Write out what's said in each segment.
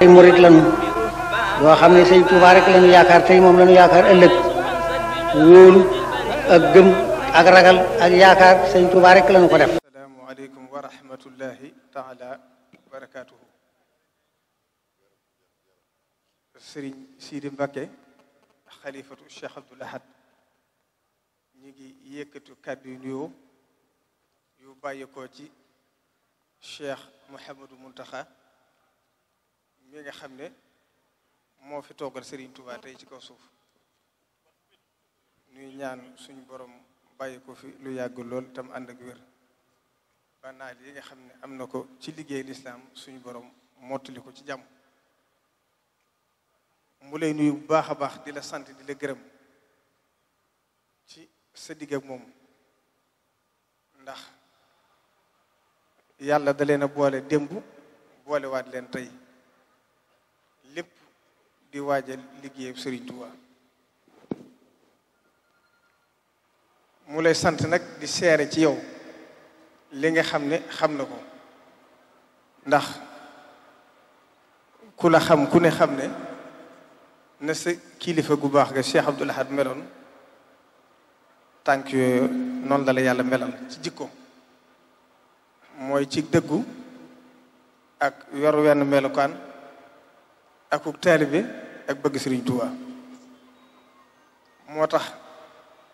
ay murit lañu yoo xam ne sëñ Touba rek lañu yaakaar tey moom lañu yaakaar ëllëg wóolu ak gëm ak ragal ak yaakaar sëñ lañu ko def asalaamaaleykum wa rahmatullahi taala wa barakaatuhu sëriñ Sidi Mbakke xalifatu Cheikh Abdoul Ahad ñu ngi yëkkatu kàddu yu nuyoo yu bàyyi ko ci Cheikh Mouhamadou mi nga xam ne moo fi toogal sëriñ Touba tey ci kaw suuf ñuy ñaan suñu borom bàyyi fi lu yàgg lool tam ànd ak wér yi nga xam ne am na ko ci liggéey lislaam suñu borom mottali ko ci jàmm mu lay nuyu bu baax a baax di la sant di la gërëm ci sa digg moom ndax yàlla da leen a boole démb boolewaat leen tey di waajal liggéeyam Serigne Touba mu lay sant nag di seere ci yow li nga xam ne xam na ko ndax ku la xam ku ne xam ne na sa kilifa gu baax ga Cheikh Abdoul meloon tànk yooyu la la yàlla melal ci jikko mooy ci dëggu ak yor wenn melukaan akuk taalibe ak bëgg sëriñ Touba moo tax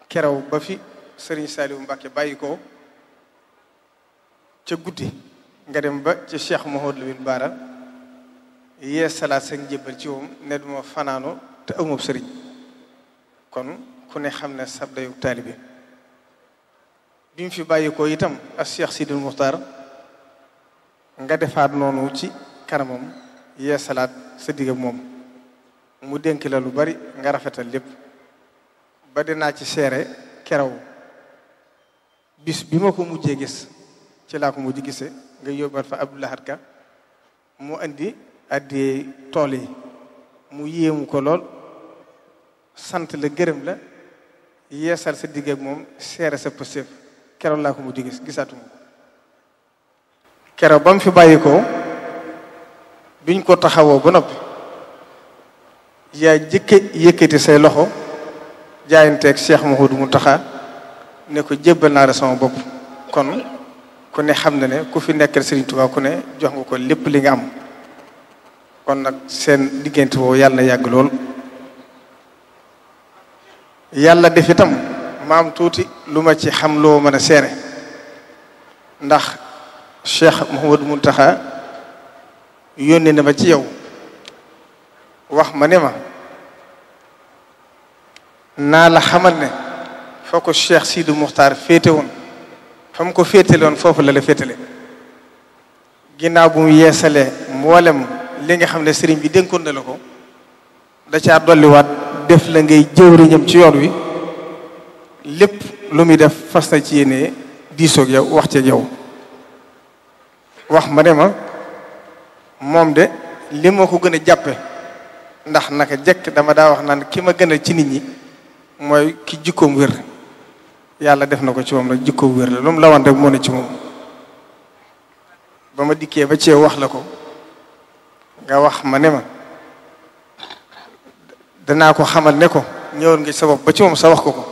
kerew ba fi sëriñ Saliou Mbacke bàyyi ko ca guddi nga dem ba ci Cheikh Mouhamadou Lamine Bara yee salaat seen jébbal ci moom ne duma fanaano te amub sëriñ kon ku ne xam ne sab dayub taalibe bi mu fi bàyyi ko itam ak Cheikh Sidil Muxtaar nga defaat noonu ci kanamam yee salaat sa digg moom mu dénk la lu bari nga rafetal lépp ba naa ci seere keraw bis bi ma ko mujjee gis ci laa ko mujj gise nga yóbbat fa Abdoulahat Ka mu indi addee tool yi mu yéemu ko lool sant la gërëm la yeesal sa digg moom seere sa pëstéef keroog laa ko mujj gis gisaatuma ko keroog ba fi bàyyi biñ ko taxawoo ba nopp yaa jëkke yëkkati say loxo jaayanteeg Cheikh mu Moutakha ne ko jébbal naa la sama bopp kon ku ne xam na ne ku fi nekk Serigne Touba ku ne jox nga ko lépp li nga am kon nag seen diggante woowu yàlla na yàgg lool yàlla def itam maam tuuti lu ma ci xam loo mën a seere ndax Cheikh mu Moutakha yónnee na ma ci yow wax ma ne ma naa la xamal ne foo ko Cheikh Sidou Muxtaar féete woon fa mu ko féetale woon foofu la la féetale ginnaaw bu yeesale yeesalee mboolem li nga xam ne sëriñ bi dénkoon na ko da caa dolliwaat def la ngay jëwriñam ci yoon wi lépp lu muy def fas ci yéene diisoog yow wax ceeg yow wax ma ne ma moom de li ma ko gën a jàppe ndax naka jekk dama daa wax naan ki ma gën ci nit ñi mooy ki jikkoom wér yàlla def na ko ci moom nag jikkoom wér la lu mu rek moo na ci moom ba ma dikkee ba cee wax la ko nga wax ma ne ma danaa ko xamal ne ko ñëwal nga sa bopp ba ci sa wax ko ko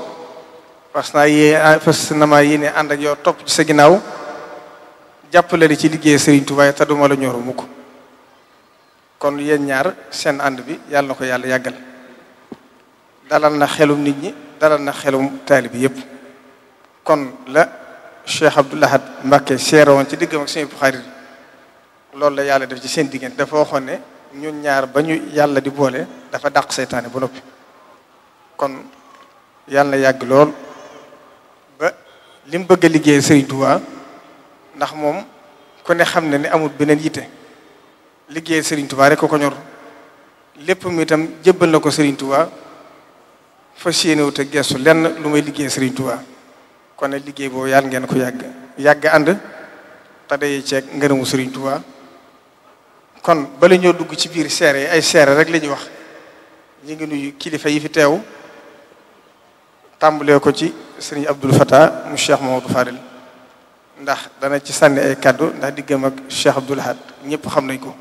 parce que yée parce ah, que na maa yéene ànd ak yow topp ci sa ginnaaw jàppale ci liggéey Serigne Touba te duma la ñoru mukk kon yéen ñaar seen ànd bi yàlla na ko yàlla yàggal dalal na xelum nit ñi dalal na xelum taalibe bi yëpp kon la Cheikh Abdoul Ahad Mbacké seere woon ci diggam ak Sëriñ Xaadir la yàlla def ci seen diggante dafa waxoon ne ñun ñaar ba ñu yàlla di boole dafa dàq seytaane ba noppi kon yàlla yàgg lool ba li mu bëgg a liggéey Sëriñ ndax moom ku ne xam ne ne amul beneen yitte liggéey sëriñ Touba rek ko ñor lépp mi itam jébbal na ko sëriñ Touba fas yéene wut gestu lenn lu may liggéey sëriñ Touba kon nag liggéey boobu yàlla ngeen ko yàgg yàgg ànd te day ceeg ngërëmu sëriñ Touba kon bala ñoo dugg ci biir seere yi ay seere rek la ñuy wax ñu ngi nuyu kilifa yi fi teew tàmbalee ko ci sëriñ Abdul Fattah mu Cheikh Mamadou Fadel ndax dana ci sànni ay kaddu ndax diggam ak Cheikh Abdoul Ahad ñëpp xam nañ ko.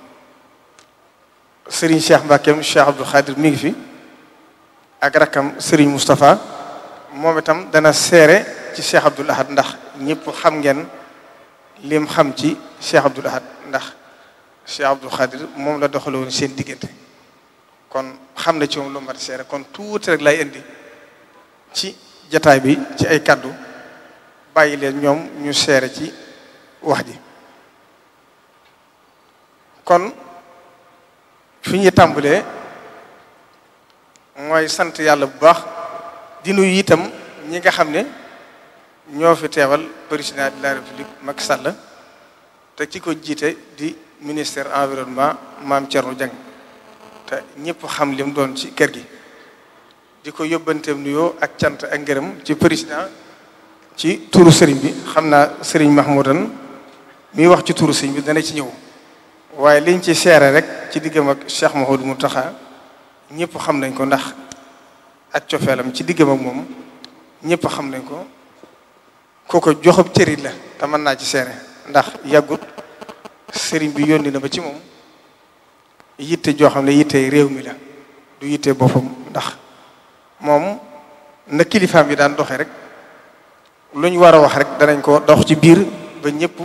sëriñ Cheikh Mbackeem Cheikh Abdou Khadir mi ngi fi ak rakkam sëriñ Moustapha moom itam dana seere ci Cheikh Abdoul Ahad ndax ñëpp xam ngeen lim xam ci Cheikh Abdoul Ahad ndax Cheikh Abdou Khadir moom la doxaloon seen diggante kon xam na ci moom lu mat seere kon tuuti rek lay indi ci jataay bi ci ay kàddu bàyyi leen ñoom ñu seere ci wax ji kon fi ñu tàmbalee mooy sant yàlla bu baax di nuyu itam ñi nga xam ne ñoo fi teewal président de la république Macky Sall te ci ko jiite di ministère environnement maam Thierno Dieng te ñëpp xam lim doon ci kër gi. di ko yóbbanteem nuyoo ak cant ak ngërëm ci président ci turu sëriñ bi xam naa sëriñ Mahmoudan mi wax ci turu sëriñ bi dana ci ñëw waaye liñ ci seere rek. ci diggam ak Cheikh Mouhamadou Mountakha ñëpp xam nañ ko ndax ak cofeelam ci diggam ak moom ñëpp xam nañ ko kooko joxob cërit la te mën naa ci seere ndax yàggut sëriñ bi yónni na ba ci moom yitte joo xam ne yitte réew mi la du yitte boppam ndax moom na kilifaam yi daan doxee rek lu ñu war a wax rek danañ ko dox ci biir ba ñëpp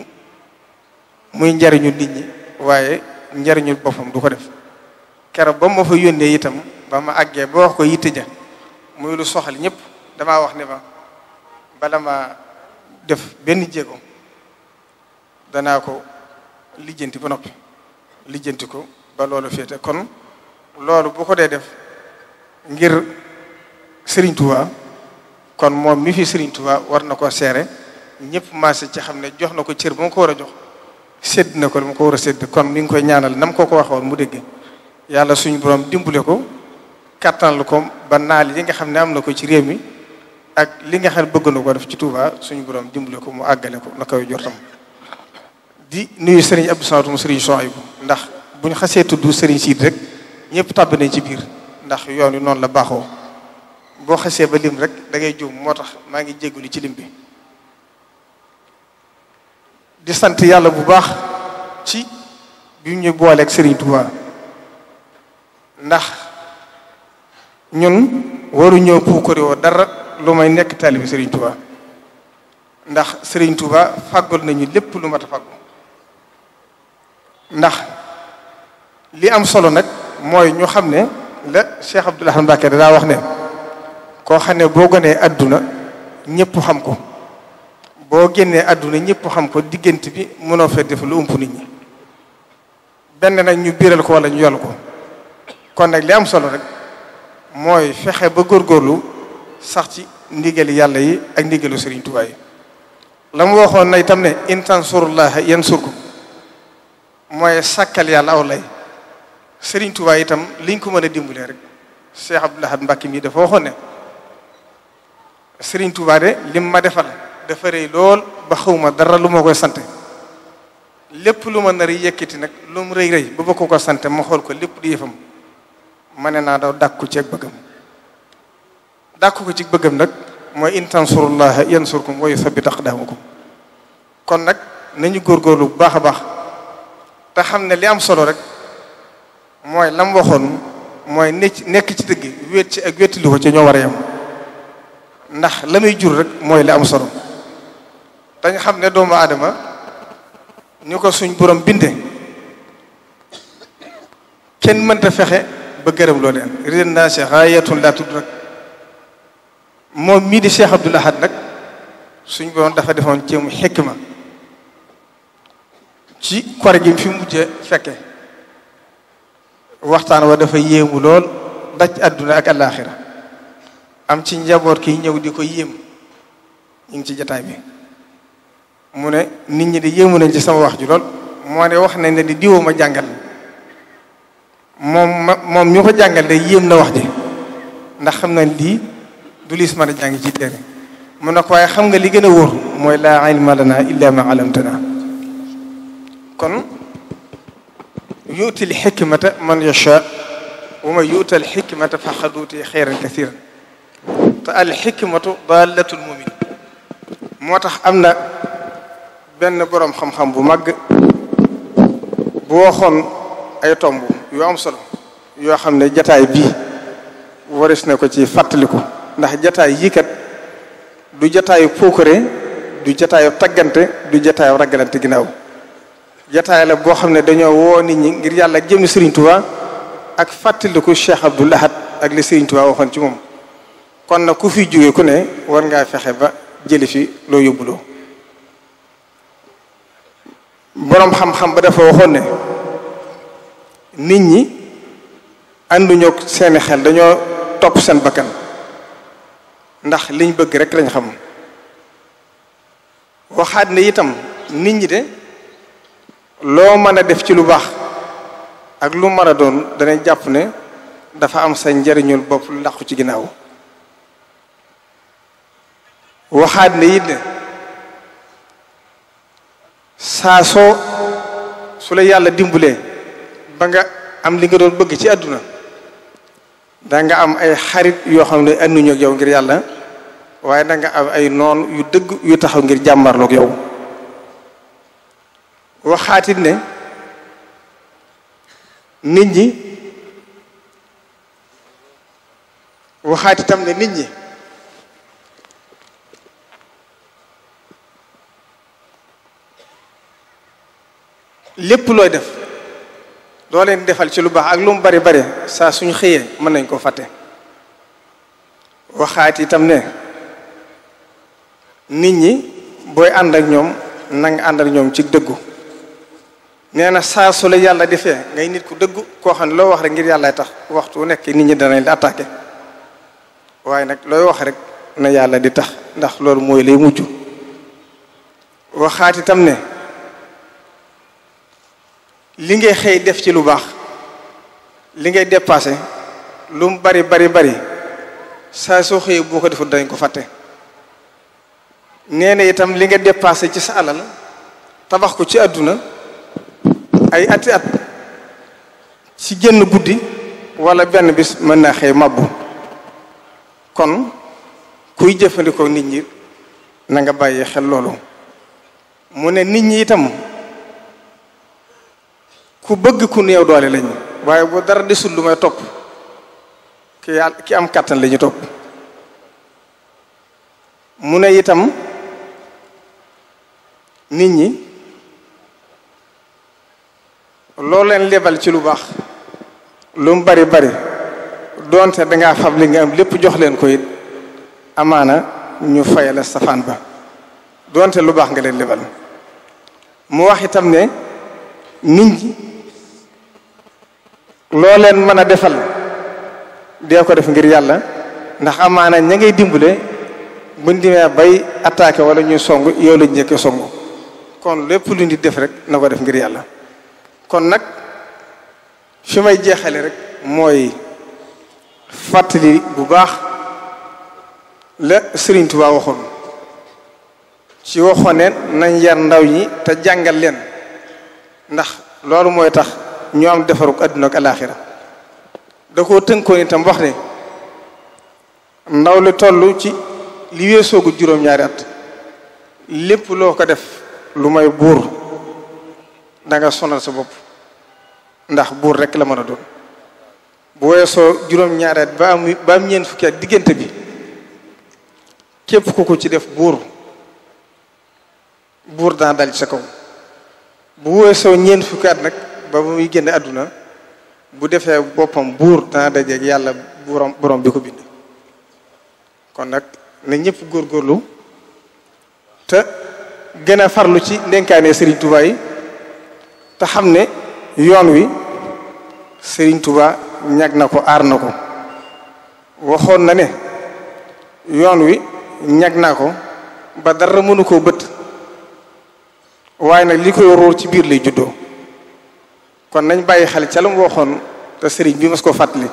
muy njariñu nit ñi waaye njariñul boppam du ko def keroog ba ma fa yónnee itam ba ma àggee ba wax ko yitte ja mu lu soxal ñëpp damaa wax ne ma bala ma def benn jéego danaa ko lijjanti ba noppi lijjanti ko ba loolu féete kon loolu bu ko dee def ngir Serigne kon moom mi fi Serigne Touba war na ko seere ñëpp maase ci xam ne jox na ko cër ba mu ko war a jox sédd na ko dama ko war a sédd kon mi ngi koy ñaanal nam ko ko waxoon mu dégg yàlla suñu borom dimbale ko kattanal ko ba naal yi nga xam ne am na ko ci réew mi ak li nga xam ne bëgg na ko def ci Touba suñu borom dimbale ko mu àggale ko na koy jortam di nuyu sëriñ ab Samad mu Serigne Souhaïbou ndax bu ñu xasee tudd Serigne Siid rek ñëpp tàbb nañ ci biir ndax yoon wi noonu la baaxoo boo xasee ba lim rek da ngay juum moo tax maa ngi jégalu ci lim bi. di sant yàlla bu baax ci bi ñu booleeg Serigne ndax ñun waru ñëw puukarewoo dara lu may nekk taalibi Serigne Touba ndax Serigne Touba fàggal nañu lépp lu mat a fàggu ndax li am solo nag mooy ñu xam ne la Cheikh Abdoul Ahad Mbacké wax ne koo xam ne boo gënee adduna ñëpp xam ko. boo génnee àdduna ñëpp xam ko diggante bi mënoo fee def lu ump nit ñi benn nag ñu biral ko walla ñu yol ko kon nag li am solo rek mooy fexe ba góor góorlu sax ci ndigali yàlla yi ak ndigalu Serigne Touba yi la mu waxoon na itam ne in tansurullaha yansurkum mooy sàkkal yàlla aw lay Serigne Touba itam liñ ko mën a dimbalee rek Cheikh Abdoul Ahad Mbacké mi dafa waxoon ne Serigne Touba de lim ma defal dafa rëy lool ba xawma dara lu ma koy sant lépp lu ma nar yëkkati nag lu mu rëy rëy ba bokk ko sant ma xool ko lépp di yëfam ma ne naa daw dàkku ci ak bëggam dàkku ko ci bëggam nag mooy in tansurullaha yansurkum wa yuthabbit aqdamakum kon nag nañu góor bu baax a baax te xam ne li am solo rek mooy lam waxoon mooy nekk ci dëgg wéet ci ak wéetali ko ci ñoo war a ndax la jur rek mooy li am solo dañ xam ne doomu aadama ñu ko suñ borom binde kenn mënta fexe ba gërëm loo leen ren naa si xaayatun laa tudd rek moom mii di Cheikh Abdoul Ahad nag suñ borom dafa defoon ci mu xikma ci kor gi fi mujje fekke waxtaan wa dafa yéemu lool daj àdduna ak àllaaxira am ci njaboot ki ñëw di ko yéem ñu ngi ci jataay bi mu ne nit ñi di yéemu nañ ci sama wax ju lool moo ne wax nañ ne di diwoo ma jàngal moom ma moom ñu ko jàngal de yéem na wax ji ndax xam nañ lii du liis mën a jàng ci téere ko waaye xam nga li gën a wóor mooy laa ilma lana illa ma alamtana kon yuuti l xikmata man yacha wa man yuuta al xikmata faqad uutiya xeyran kasiran te al xikmatu dalatul moo tax am na benn boroom xam-xam bu màgg bu waxoon ay tomb yu am solo yoo xam ne jataay bii waris na ko ci fàttaliku ndax jataay yii du jataayu puukare du jataayu taggante du jataayu raggalante ginnaaw jataay la boo xam ne dañoo woo nit ñi ngir yàlla ak jëmmi Serigne Touba ak fàttaliku Cheikh Abdoul Ahad ak li Serigne Touba waxoon ci moom kon na ku fi jóge ku ne war ngaa fexe ba jëli fi loo yóbbuloo boroom xam-xam ba dafa waxoon ne nit ñi ànduñoo seeni xel dañoo topp seen bakkan ndax liñ bëgg rek lañ xam waxaat ne itam nit ñi de loo mën a def ci lu baax ak lu mën a doon danañ jàpp ne dafa am sa njariñul bopp làqu ci ginnaaw waxaat ne it ne saa soo su la yàlla dimbalee ba nga am li nga doon bëgg ci àdduna da nga am ay xarit yoo xam ne ànduñu ak yow ngir yàlla waaye danga am ay noon yu dëgg yu taxaw ngir jàmmarloog yow waxaatit ne nit ñi waxaatitam ne nit ñi lépp looy def loo leen defal ci lu baax ak lu mu bari bari saa suñu xëyee mën nañ koo fàtte waxaat itam ne nit ñi booy ànd ñoom nanga ànd ñoom ci dëggu nee na saa su la yàlla defee ngay nit ku dëggu koo xam ne loo wax rek ngir yàlla tax waxtu nekk nit ñi danañ la waaye nag looy wax na yàlla di tax ndax loolu mooy lay mujj waxaat itam ne li ngay xëy def ci lu baax li ngay dépassé lu mu bari bari bari saa soo xëyee boo ko defut dañ ko fàtte nee itam li nga dépassé ci sa alal tabax ko ci àdduna ay ati at ci génn guddi walla benn bi mën naa xëy mabbu kon kuy jëfandikoo nit ñi na nga bàyyi xel loolu mu ne nit ñi itam ku bëgg ku néew doole lañu waaye boo dara desul lu may topp ki ki am kàttan la ñu topp mu ne itam nit ñi loo leen lebal ci lu baax lu mu bari bari doonte dangaa fab li nga am lépp jox leen ko it amaana ñu fayala safaan ba doonte lu baax nga leen lebal mu wax ne nit ñi loo leen mën a defal dee ko def ngir yàlla ndax amaana ña ngay dimbale buñ dimee bay attaqué wala ñu song yow la njëkkee song kon lépp lu nit def rek na ko def ngir yàlla kon nag fi may jeexale rek mooy fàttali bu baax la Sëriñ waxoon ci waxoon ne nañ yar ndaw ñi te jàngal leen ndax loolu mooy tax ñu am defarug adduna ak alaaxira da koo tënkoon itam wax ne ndaw li toll ci li weesoogu juróom-ñaari at lépp loo ko def lu may buur danga sonal sa bopp ndax buur rek la mën a doon bu weesoo juróom-ñaari at ba am ñeent fukki at diggante bi képp ku ko ci def buur buur dana dal ci sa kaw bu weesoo ñeent fukki at nag ba muy génn àdduna bu defee boppam buur dana dajeeg yàlla borom bi ko bind kon nag na góor góorlu te gën a farlu ci ndenkaane Serigne Touba yi te xam ne yoon wi Serigne Touba ñag na ko aar na ko waxoon na ne yoon wi ñag naa ko ba dara mënu koo bët waaye nag li koy róor ci biir lay juddoo kon nañ bàyyi xel ca la mu waxoon te sëriñ bi mas ko fàttali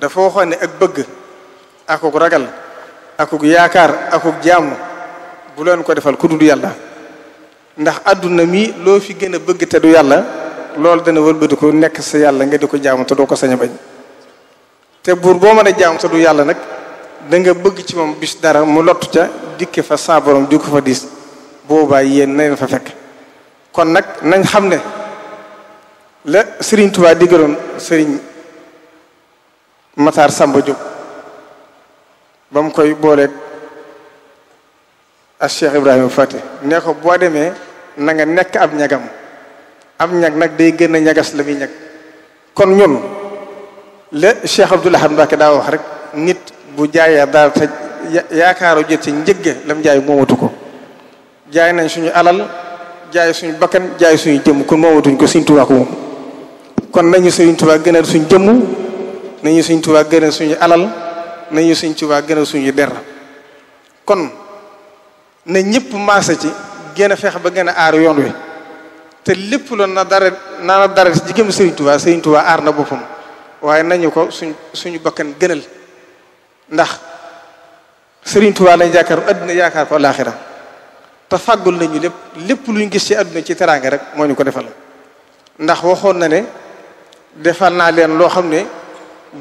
dafa waxoon ne ak bëgg akuk ragal akuk yaakaar akuk jaamu bu leen ko defal ku dul yàlla ndax àdduna mi loo fi gën a bëgg te du yàlla loolu dana ko nekk sa yàlla nga di ko jaamu te doo ko sañ a bañ te buur boo mën a jaamu te du yàlla nag da nga bëgg ci moom bis dara mu lottu ca dikk fa saaboroom di ko fa diis boobaa yéen nañ fa fekk kon nag nañ xam ne. la sëriñ Tuubaa digaloon sëriñ Matar Samba Diop ba koy booleeg ak Cheikh Ibrahima Faty nee boo demee na nekk ab ñagam am ñag nag day gën a ñagas la muy ñag kon ñun le Cheikh Abdoul Ahad Mbacké daa wax rek nit bu jaayee daal te yaakaaru jot ci njëgge lam jaay moomatu ko jaay nañ suñu alal jaay suñu bakkan jaay suñu jëm kon moomatuñ ko Sëriñ Tuubaa kon nañu Sëriñ Tuubaa gënal suñ jëmm nañu Sëriñ Tuubaa gënal suñu alal nañu Sëriñ Tuubaa gënal suñu der kon na ñëpp maasa ci gën a feex ba gën aar yoon wi te lépp loon na dara naa na dara ci jigéem Sëriñ Tuubaa Sëriñ aar na boppam waaye nañu ko suñ suñu bakkan gënal ndax Sëriñ Tuubaa lañ yaakaar adduna yaakaar ko alaaxira te fàggul nañu lépp lépp luñ gis ci adduna ci teraanga rek moo ñu ko defal ndax waxoon na ne defal naa leen loo xam ne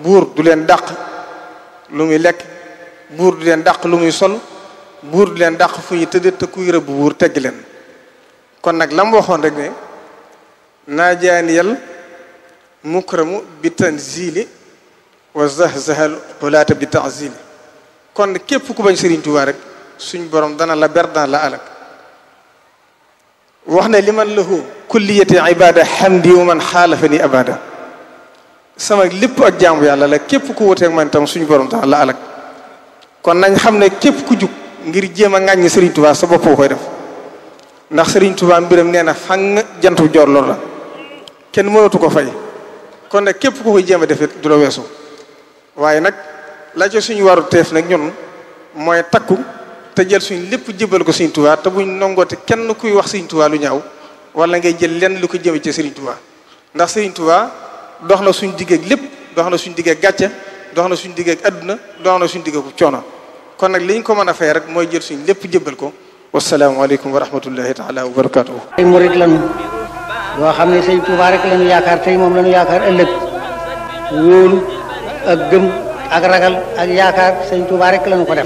buur du leen dàq lu muy lekk buur du leen dàq lu muy sol buur du leen dàq fu ñu tëdd te kuy rëbb buur tegg leen kon nag la mu waxoon rek ne naajaaniyal mukramu bi tanzili wa zahzahal xulaata bi tanzili kon képp ku bañ Sëriñ Tuubaa rek suñ borom dana la ber dana la alak wax ne li man lahu kulliyati ibada hamdi wa man xaalafa ni abada sama lépp ak jaamu yàlla la képp ku wuteeg man tam suñu borom tax la alak kon nañ xam ne képp ku jug ngir jéem a ŋàññi Serigne Touba sa bopp koy def ndax Serigne Touba mbiram nee na fang jantu joor lor la kenn mënatu ko fay kon nag képp ku koy jéem a defee du la weesu waaye nag la ca suñu waru teef nag ñun mooy takku te jël suñ lépp jëbal ko Serigne Touba te buñ nongoote kenn kuy wax Serigne Touba lu ñaaw wala ngay jël lenn lu ko jëme ci Serigne Touba ndax Serigne Touba. dox na suñu diggeeg lépp dox na suñu diggeeg gàcce dox na suñu diggeeg àdduna dox na suñ diggeegu coono kon nag li ñu ko mën a fay rek mooy jël suñ lépp jëbbal ko wasalaamaaleykum wa rahmatullahi taala wa barakaatuhu ay murit lañu yoo xam ne sëñ Tuubaa rek lañu yaakaar tey moom lañu yaakaar ëllëg wóolu ak gëm ak ragal ak yaakaar sëñ Tuubaa rek lañu ko def